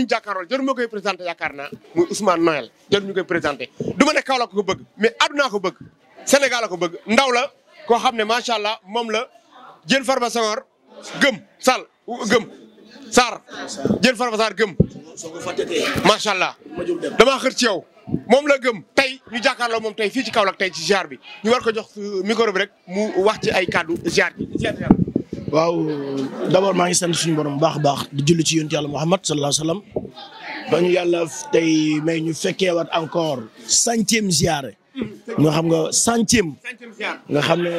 ñu jàkkaarloo jot ma koy présenté yaakaar naa muy Ousmane Noël jot ñu koy présenté du ma ne Kaolack ko bëgg mais àddunaa ko bëgg sénégala ko bëgg ndaw la koo xam ne macha allah moom la jën Farba Senghor gëm Sall gëm Sarr jën Farba Sarr gëm macha allah damaa xër ci yow moom la gëm tey ñu jàkkaarloo moom tey fii ci Kaolack tey ci ziar bi ñu war ko jox micro bi rek mu wax ci ay kàddu ziar bi waaw d'abord maa ngi sant suñu borom baax a baax di julli ci yonent yàlla Muhammad sallallahu alayhi wa sallam ba yàlla tey may ñu fekkee fekkeewaat encore centième ziare. nga xam nga centième. nga xam ne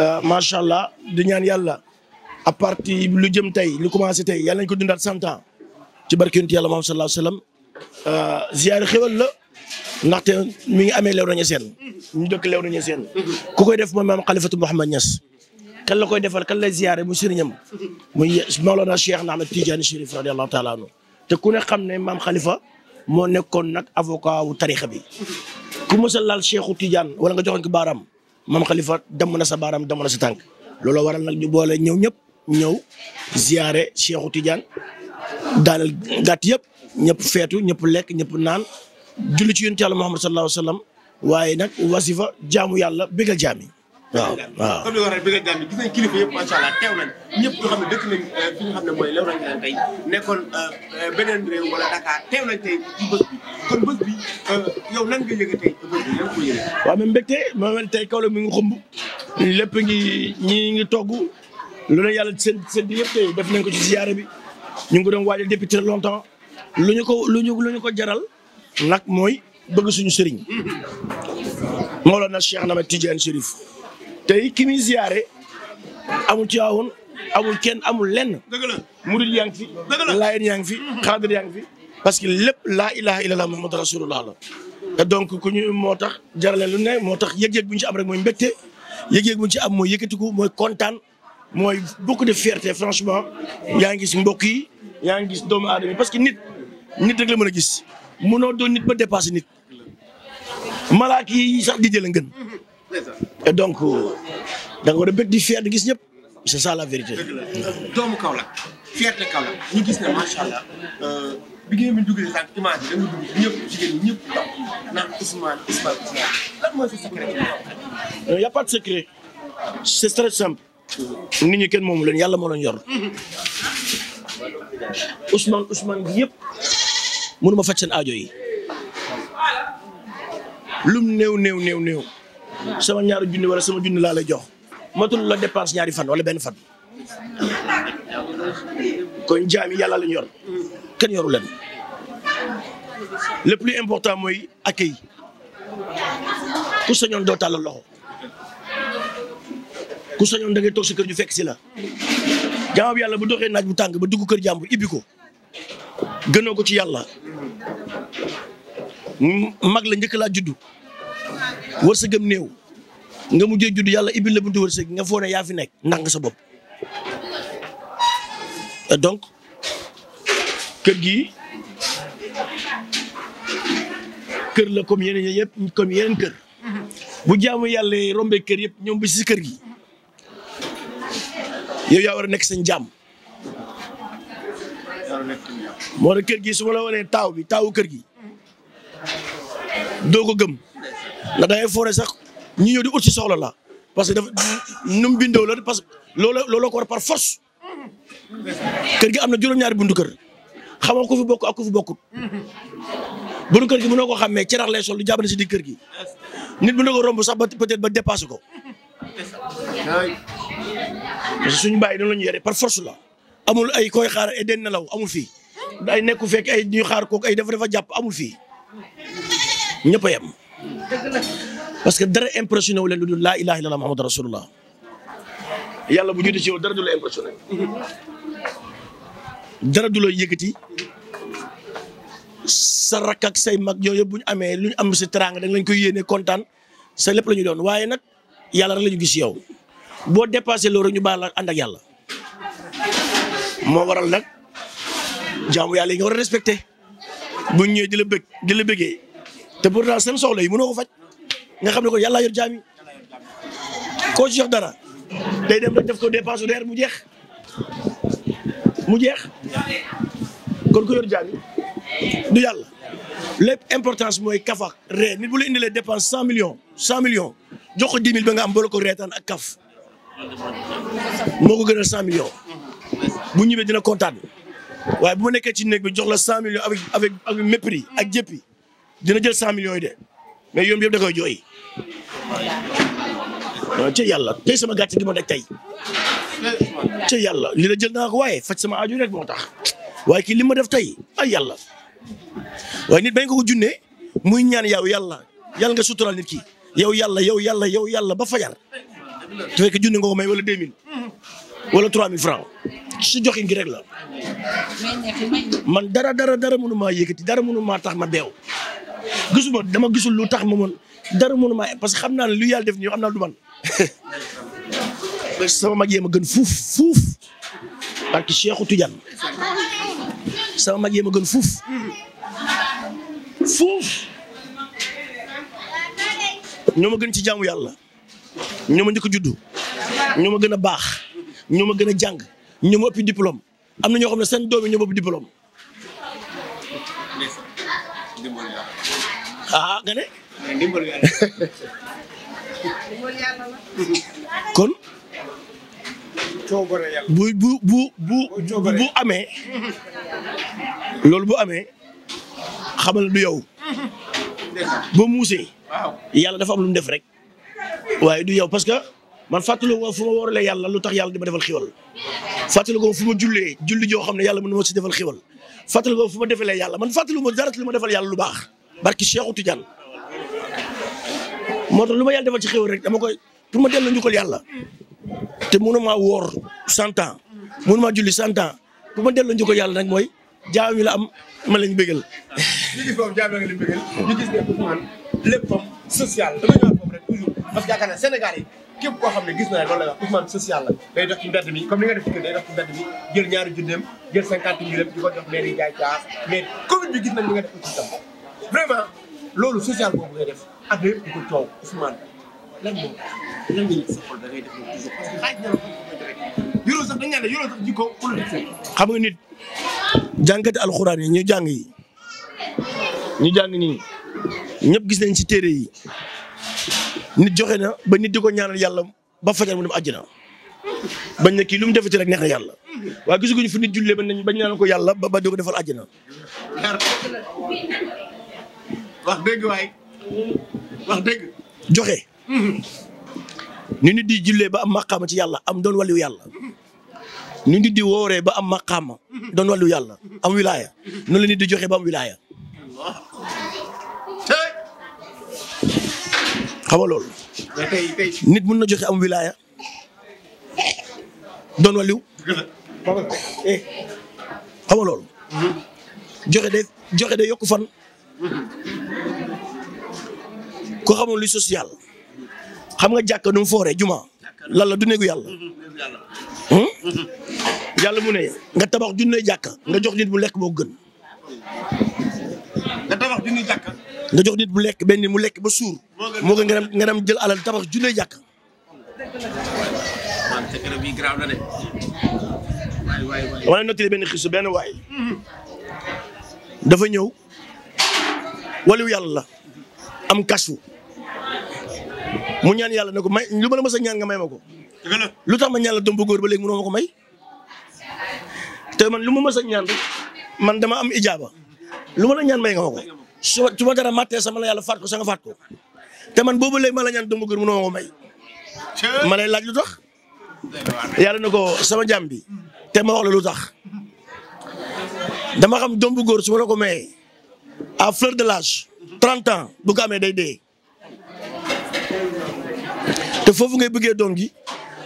euh, macha allah di ñaan yàlla à lu jëm tey lu commencé tey yàlla nañu ko dundaat cent ci barke yonent yàlla Muhammad sallallahu alayhi wa sallam euh, ziare la. ndaxte mi ngi amee Léona Niassène ñu dëkk na Niassène ku koy def mooy maam Xalifatu Mouhamad Niass kan la koy defal kan lay ziyaare mu sëriñam muy Mawlana Cheikh na Ahmed Tidiane Chérif radiallahu taala anhu te ku ne xam ne maam xalifa moo nekkoon nag avocat wu tarixa bi ku mës a laal Cheikhu wala nga joxoon ko baaraam maam xalifa damm na sa baaraam damm na sa tànk looloo waral nag ñu boole ñëw ñëpp ñëw ziyaare Cheikhu Tidiane daaneel gàtt yëpp ñëpp feetu ñëpp lekk ñëpp naan julli ci yonent Yàlla Muhammad sa alayhi wa waaye nag wasifa jaamu yàlla bégal jaam waaw waaw comme li nga wax rek bi nga gàmm gis nañ kilifa yëpp ñëpp ñoo xam ne dëkk nañ euh, ne mooy Léona Niassène tey nekkoon euh, euh, beneen réew wala Dakar teew nañ tey ci bës tey bës bi mi ngi xumb lépp ngi ñi ngi togg lu ne yàlla seen seen bi yëpp tey def nañ ko ci ziyaare bi ñu ngi ko doon waajal depuis très longtemps lu ñu ko lu ñu lu ñu ko jaral nag mooy bëgg suñu sëriñ mm-hmm. Mawlana Cheikh Ahmed Tidiane Chérif. tey ki muy ziyaare amul ci waawoon amul kenn amul lenn. mu la murid yaa fi. dëgg la laayeen fi. xaadir yaa fi parce que lépp laa ilaha illallah muhammad rasulullah la. te donc ku ñu moo tax jarale lu ne moo tax yëg-yëg bu ñu ci am rek mooy mbégte yëg-yëg bu ñu ci am mooy yëkkatiku mooy kontaan mooy beaucoup de fierté franchement yaa ngi gis mbokk yi yaa ngi gis doomu aadama parce que nit nit rek la mën a gis mënoo doon nit ba dépassé nit malaak yi sax di et donc euh, da war a bëgg di fier gis ñëpp c'est ça la vérité. doomu Kaolack fierté Kaolack ñu gis ne macha allah euh, bi ngeen di secret. Euh, secret c'est très simple. kenn moomu leen yàlla moo leen yor. Ousmane Ousmane bi yëpp mënu ma faj yi. lum néew néew new néew. sama ñaar junni wala sama junni laa lay jox matul la dépense ñaari fan wala benn fan. kon jaam yi yàlla lañ yor kenn yoru leen le plus important mooy accueil ku sañoon doo tàllal loxo ku sañoon da ngay toog sa kër ñu fekk si la. jaam bi yàlla bu doxee naaj bu tàng ba dugg kër jàmbur ibbi gëno gënoo ko ci yàlla mag la njëkk laa juddu. wërsëgam néew nga mujjee judd yàlla ibil la buntu wërsëg nga foo ne yaa fi nekk nanga nga sa bopp. kër gi kër la kom yeneen yëpp comme yeneen kër. bu jaamu yàlla rombee kër yëpp ñoom bi si kër gi yow yaa war a nekk seen jaam. moo tax kër gi su ma la wanee taaw bi taawu kër gi doo gëm. ndax da foore sax ñu ñëw di ut si soxla la parce que dafa nu mu bindoo la parce que loolu looloo ko war par force kër gi am na juróom-ñaari buntu kër xamoo ku fi bokk ak ku fi bokkut buntu kër gi mënoo ko xàmmee ci rax lay sol du jàppale si di kër gi nit mën na ko romb sax ba peut ba dépassé ko parce que suñu noonu la yore par force la amul ay koy xaar ay den nelaw amul fii ay nekku fekk ay ñuy xaar kook ay dafa jàpp amul fii ñëpp a parce que dara impressionné wu leen lu laa ilaha illallah muhammadu rasulullah yàlla bu juddee ci yow dara du la impressionné dara du la yëkkati say mag yooyu bu ñu amee lu ñu am si teraanga da nga leen koy kontaan sa lépp la ñu doon waaye nag yàlla rek la ñu yow boo dépassé loolu rek ñu baal la ànd ak yàlla moo waral nag jaamu yàlla yi nga war a bu ñëwee di di la bëggee. te pourtant seen soxla yi mënoo ko faj nga xam ne ko yàlla yor jaam yi koo ci jox dara day dem rek def ko dépense reer mu jeex mu jeex kon ko yor jaam du yàlla lépp importance mooy kafa ree nit bu la indilee dépense cent millions cent millions jox ko dix mille ba nga am bala ko reetaan ak kaf moo ko gënal cent millions bu ñibbee dina kontaan waaye bu ma nekkee ci néeg bi jox la cent millions avec avec avec mépris ak jéppi dina jël cent millions yi de mais yomb yëpp da koy jooy. waaw ci yàlla tey sama gàcce gi ma nekk tey ci yàlla li la jël naa ko waaye faj sama aju rek moo tax waaye kii li ma def tey ay yàlla waaye nit bañ ko ko junne muy ñaan yow yàlla yàlla nga suturaal nit ki yow yàlla yow yàlla yow yàlla ba fajar te fekk junne nga ko may wala 2000 wala 3000 francs si joxin gi rek la man dara dara dara mënu maa yëkkati dara mënu maa tax ma beew gisuma dama gisul lu tax ma mën dara mënuma parce que xam naa ne lu yàlla def nii xam naa du man sama mag yee ma gën fuuf fuuf parce que Cheikhou sama mag yee ma gën fuuf fuuf ñoo ma gën ci jaamu yàlla ñooma ma njëkk juddu ñoo ma gën a baax ñooma gën a jàng ñoo ma ëpp diplôme am na ñoo xam ne seen doom yi ñoo ma ëpp diplôme ah nga ne. kon. bu bu bu bu bu amee. loolu bu amee xamal du yow. ba muusee. yàlla dafa am lu mu def rek. waaye du yow parce que man fàttaliku ma fu ma wóoralee yàlla lu tax yàlla di ma defal xiwal. fàttaliku ma fu ma jullee julli joo xam ne yàlla mu na ma si defal xiwal. fàttaliku ma fu ma defalee yàlla man fàttaliku ma dara lu ma defal yàlla lu baax. barki Cheikhou Tidiane moo tax lu ma yàlla defal ci xew rek dama koy pour ma dellu njukkal yàlla te mënuma woor cent ans mënuma julli cent ans pour ma dellu njukkal yàlla nag mooy jaaw yi la am ma lañ bégal. ñu gis foofu jaaw la nga di bégal ñu gis ne Ousmane léppam social dama ñëwaat foofu rek toujours parce que yaakaar naa Sénégal yi képp koo xam ne gis naa loolu la wax Ousmane social la day dox ci mbedd mi comme ni nga def ci day dox ci mbedd mi jël ñaari junneem jël cinquante mille di ko jox maire yi jaay caas mais commune bi gis nañ li nga def ci tam vraiment loolu social def ak yëpp di ko coow nga yëg sa xol da ko xam nga nit jàngati alxuraan yi ñu jàng yi ñu jàng nii ñëpp gis nañ ci téere yi nit joxe na ba nit di ko ñaanal yàlla ba fajar mu dem àjjana bañ na kii lu mu defati rek neex na yàlla waaye gisaguñu fu nit jullee bañ nañ bañ ñaanal ko yàlla ba ba di ko defal àjjana wax joxe. ñu nit di jullee ba am maqaama ci yàlla am doon wàllu yàlla. ñu nit di wooree ba am maqaama doon wàllu yàlla am wilaaya noonu la di joxe ba am wilaaya. xam nga loolu. mun na joxe am wilaaya doon wàllu. xam nga joxe de joxe de yokku fan. ku lu social xam nga jàkk nu mu fooree juma lan la du néegu yàlla. Hmm? yàlla mu ne nga tabax junne jàkk nga jox nit bu lekk moo gën. nga tabax jox nit bu lekk benn mu lekk ba suur. moo gën nga jël alal tabax junne jàkka. wala notti benn xisu benn waay. dafa ñëw waliw yàlla am kasu mu ñaan yàlla na ko may lu ma la ma a ñaan nga may ma ko. lu tax ma ñaan la domp góor ba léegi mënoo ma ko may. te man lu ma mës a ñaan man dama am ijaaba lu ma la ñaan may nga ma ko su ma su ma sama la yàlla faat ko sa faat ko te man boobu léegi ma la ñaan domp góor mënoo ma ko may. ma lay laaj lu tax. yàlla na ko sama jaam bi te ma wax la lu tax dama xam domb góor su ma la ko mayee a fleur de l'âge 30 ans bu ko amee day dee te foofu ngay bëggee doom ji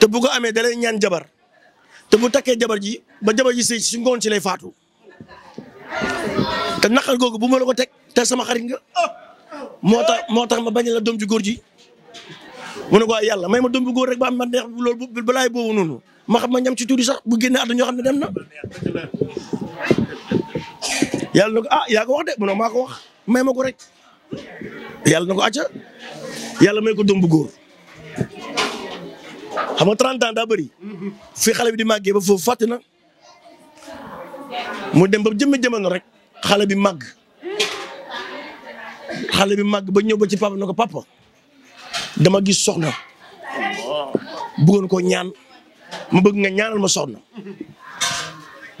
te bu ko amee da ñaan jabar te bu takkee jabar ji ba jabar ji sëy si ngoon si lay faatu te naqar googu bu ma la ko teg te sama xarit nga ah, moo tax moo tax ma bañ la doom ji góor ji mu ne ko yàlla may ma doom góor rek man neex loolu balaay boobu noonu ma ñam ci tuuti sax bu génne àdduna ñoo ne dem na. yàlla na ko ah yaa wax de mu ne maa wax may ma ko rek yàlla na ko acca yàlla may ko doom bu góor. xam nga 30 ans daa bëri fii xale bi di màggee ba foofu fàtte na mu dem ba jëmmi jamono rek xale bi màgg xale bi màgg ba ñëw ba ci papa na ko papa dama gis soxna bëggoon ko ñaan mu bëgg nga ñaanal ma soxna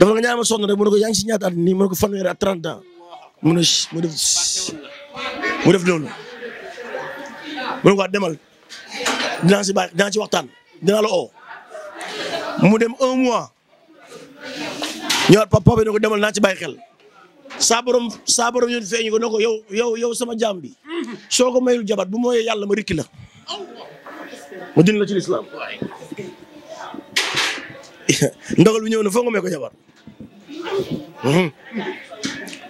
dafa nga ñaanal ma soxna rek mu ko yaa si ñaata at nii mu ko fanweeri at 30 ans mu ne mu def mu def noonu mu ko waa demal dinaa si baax waxtaan dinaa la oo mu dem un mois ñëwaat papa bi ne ko demal naa ci bàyyi xel saa borom saa borom feeñu ko ne yow yow sama jaam bi soo ko mayul jabat bu mooyee yàlla ma rikki la ma dindi la ci lislaam ndogal bi ñëw na foo nga may ko jabar hmm.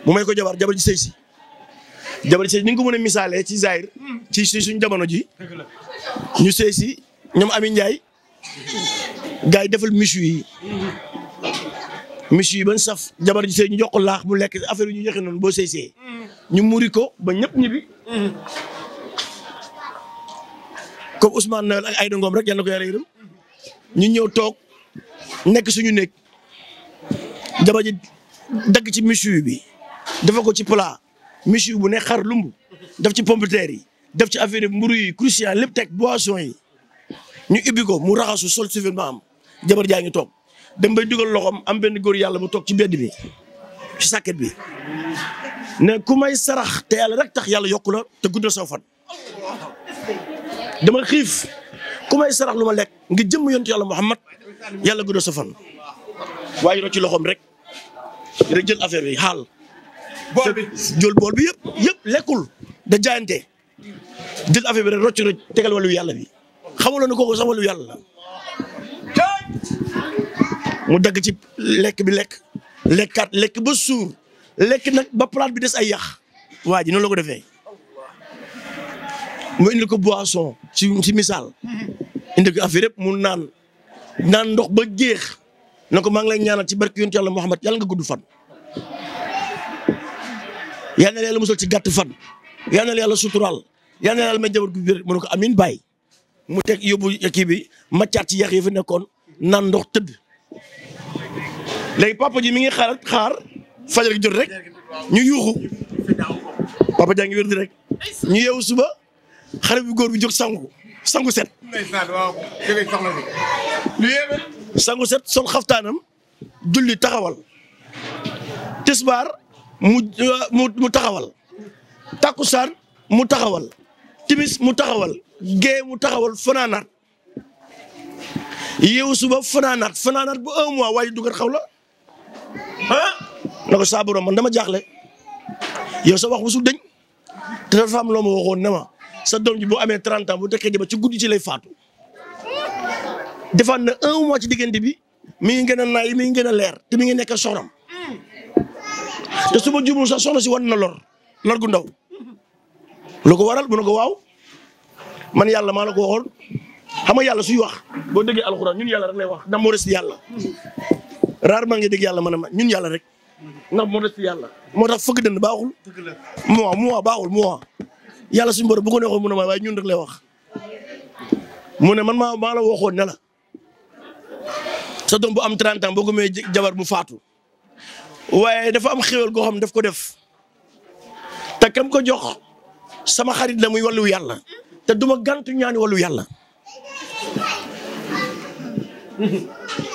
mu may ko jabar jabar ji sëy jabar ji sëy ni nga ko mën ci zaahir ci suñ jamono ji ñu sëy ñoom Ami Ndiaye gars yi defal michu yi michu yi ban saf jabar ji see ñu jox ko laax mu lekk affaire ñu joxe noonu boo sëy see ñu muri ko ba ñëpp ñibbi. comme Ousmane Noël ak Aïda Ngom rek yal na ko yàlla yërëm ñu ñëw toog nekk suñu nekk jabar ji dagg ci michu bi dafa ko ci plat michu bu ne xar lumb def ci pomme de terre yi def ci affaire mburu yi crucial lépp teg boisson yi. ñu ibbi ko mu raxasu sol civilement am jabar jaa ngi toog dem bay dugal loxoom am benn góor yàlla mu toog ci bedd bi ci sàkket bi ne ku may sarax te yàlla rek tax yàlla yokku te gudd saw fan dama xiif ku may sarax lu ma lekk ngi jëmm yontu yàlla Muhammad yàlla guddal sa fan waaye ci loxoom rek rek jël affaire bi xaal bool bi bool bi yëpp yëpp lekkul da jaayante jël affaire bi rek rocc rek tegal wàllu yàlla bi xamaloon na kooku sax wàllu yàlla mu dagg ci lekk bi lekk lekkaat lekk ba suur lekk nag ba palaat bi des ay yàq waa ji la ko defee mu indil ko boisson ci ci misaal indi ko mu naan naan ndox ba géex na ko maa ngi lay ñaanal ci barke yonent yàlla Muhammad yàlla nga gudd fan yal na yàlla musal ci gàtt fan yal na yàlla suturaal yal na yàlla may mu ne ko amin baay mu teg yóbbu kii bi ma caat ci yax yi fi nekkoon naan ndox tëdd léegi papa ji mi ngi xaar xaar fajar gi jot rek ñu yuuxu papa jaa ngi wér di rek ñu yeewu suba xale bu góor bi jóg sangu sangu set. sangu set sol xaftaanam julli taxawal tisbaar mu mu mu taxawal takkusaan mu taxawal timis mu taxawal géey mu taxawal fanaanaat yeewu suba fanaanaat fanaanaat bu un mois waaye dugat xaw la ah na ko man dama jaaxle yow sa wax bu su dëñ te dafa am loo ma ne ma sa doom ji boo amee 30 bu bu tekkee ba ci guddi ci lay faatu defaat na un mois ci diggante bi mi ngi gën a naay mi ngi gën a leer te mi ngi nekk soxnam te su ma jublu sax soxna si wan na lor lor gu ndaw lu waral mu ne ko waaw. man yàlla maa la ko waxoon xam nga yàlla suy wax boo déggee alxuraan ñun yàlla rek lay wax ndax moo des yàlla rarement nga dégg yàlla man a ma ñun yàlla rek ndax moo des yàlla moo tax fëgg dënd baaxul moi moi baaxul moi yàlla suñu borom bu mu ne ma waaye ñun rek lay wax mu ne man maa maa la waxoon ne la sa bu am 30 boo ko may jabar mu faatu waaye dafa am xéwal goo xam daf ko def te kam ko jox sama xarit la muy wàllu yàlla te duma gàntu ñaani walu yàlla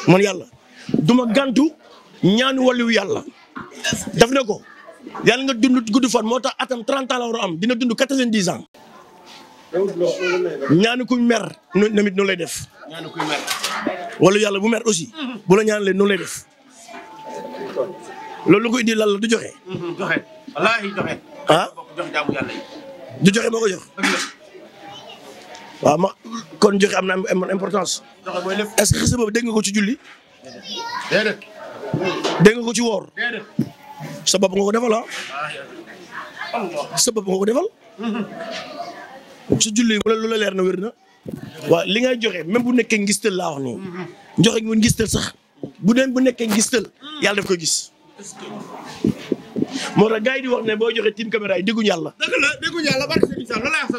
man yàlla duma gàntu ñaani walu yàlla daf ne ko yàlla nga dund gudd fan moo tax atam 30 ans la war am dina dund 90 ans ñaani kuñ mer namit no lay def ñaani kuñ yàlla bu mer aussi mm-hmm. bu la ñaan leen lay def loolu koy ko indi la du joxe mm-hmm, joxe wallaahi joxe ah? du joxe moo ko jox waaw ma kon joxe am na importance. est-ce que xisa boobu dégg nga ko ci julli. déedéet. dégg nga ko ci woor. déedéet. sa bopp nga ko defal ah. sa bopp ko defal. su julli wala lu la leer na wér na. waaw li ngay joxe même bu nekkee ngistal laa wax nii. joxe gi mu sax. bu dee bu nekkee ngistal yàlla daf ko gis. moo tax gars yi di wax ne boo joxe tin caméra yi dégguñu yàlla. dëgg la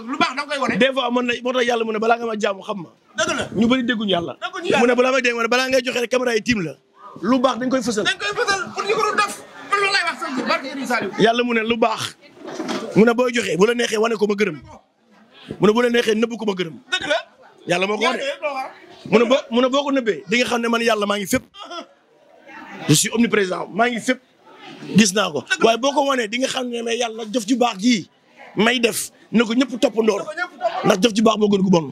lu baax da koy wane. des fois mën na moo tax yàlla mu ne balaa nga ma jaamu xam ma. dëgg la ñu bëri dégguñu yàlla. dégguñu yàlla mu ne balaa may dégg ma ne balaa ngay joxe rek caméra yi tiim la. lu baax dañ koy fësal. dañ koy fësal ko doon def yàlla mu ne lu baax mu ne boo joxe bu la neexee wane ko ma gërëm mu ne bu la neexee nëbb ko ma gërëm. yàlla moo ko wax de ne boo mu ne boo ko nëbbee di nga xam ne man yàlla maa ngi fépp je suis omniprésent maa ngi fépp gis naa ko waaye boo ko wanee di nga xam ne mais yàlla jëf ju baax jii may def na ko ñëpp toppandoor ndax jëf ju baax moo gën gu bon.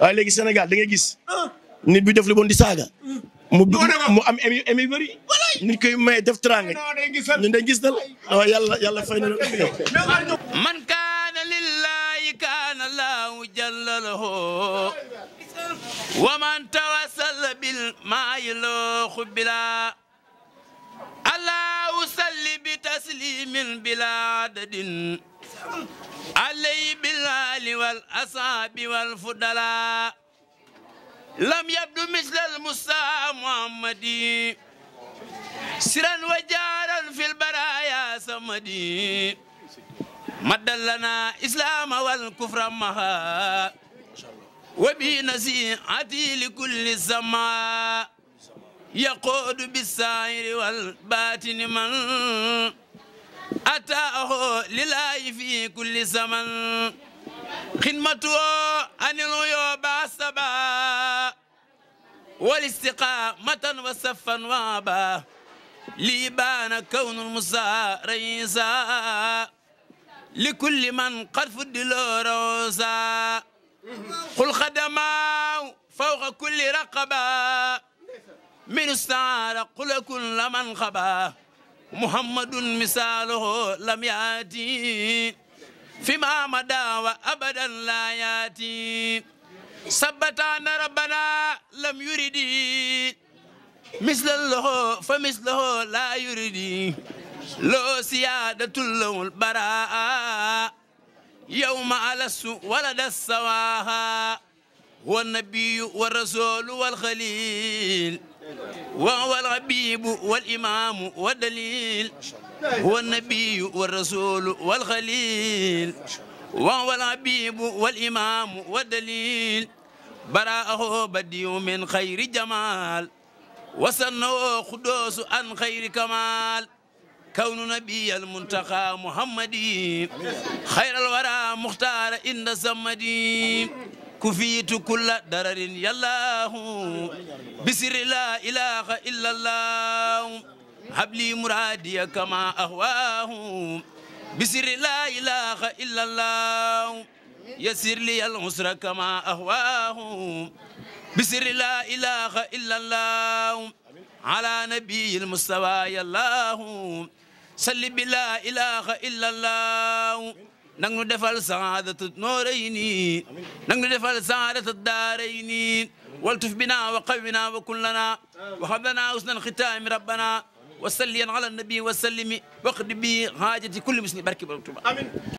waaye léegi Sénégal da ngay gis ah. nit bi def li bon di saaga. mu mu am émi émi bëri. koy may def teraanga ñun dañ gis dal waaw yàlla yàlla fay na man kaana lillahi kaana laahu jalla lahu wa man bil maayi loo xubbila laa usalli bi taslimin bila adadin alay bilaali wal asaabi wal fudala lam yabdu mislal musa muhammadi siran wa jaaran fil baraya samadi maddal lana islaama wal kufra maha wa bi nasiihati li kulli sama يقود بالسائر والباطن من أتاه لله في كل زمن خدمته عن الغيوب السبا والاستقامة وصفا وابا ليبان كون المسا رئيسا لكل من قد فضل روسا قل خدماه فوق كل رقبه من استعار قل كل من خبا محمد مثاله لم يأتي فيما مدى وأبدا لا يأتي ثبت أن ربنا لم يرد مثل له فمثله لا يرد له سيادة له البراء يوم ألس ولد السواها والنبي والرسول والخليل وهو الحبيب والإمام والدليل هو النبي والرسول والخليل وهو الحبيب والإمام والدليل براءه بديع من خير جمال وسنه قدوس عن خير كمال كون نبي المنتقى محمدي خير الورى مختار إن سمدي كفيت كل درر يالله بسر لا إله إلا الله هب لي مرادي كما أهواه بسر لا إله إلا الله يسر لي العسر كما أهواه بسر لا إله إلا الله على نبي المستوى يالله صل بلا إله إلا الله nang nu defal saadatu noorayni nang nu defal saadatu daarayni waltuf bina wa qawwina wa kun lana wa hab lana husnal khitaami rabbana wa salliyan ala nabi wa sallimi waqdi bi haajati kulli muslim barki Tuuba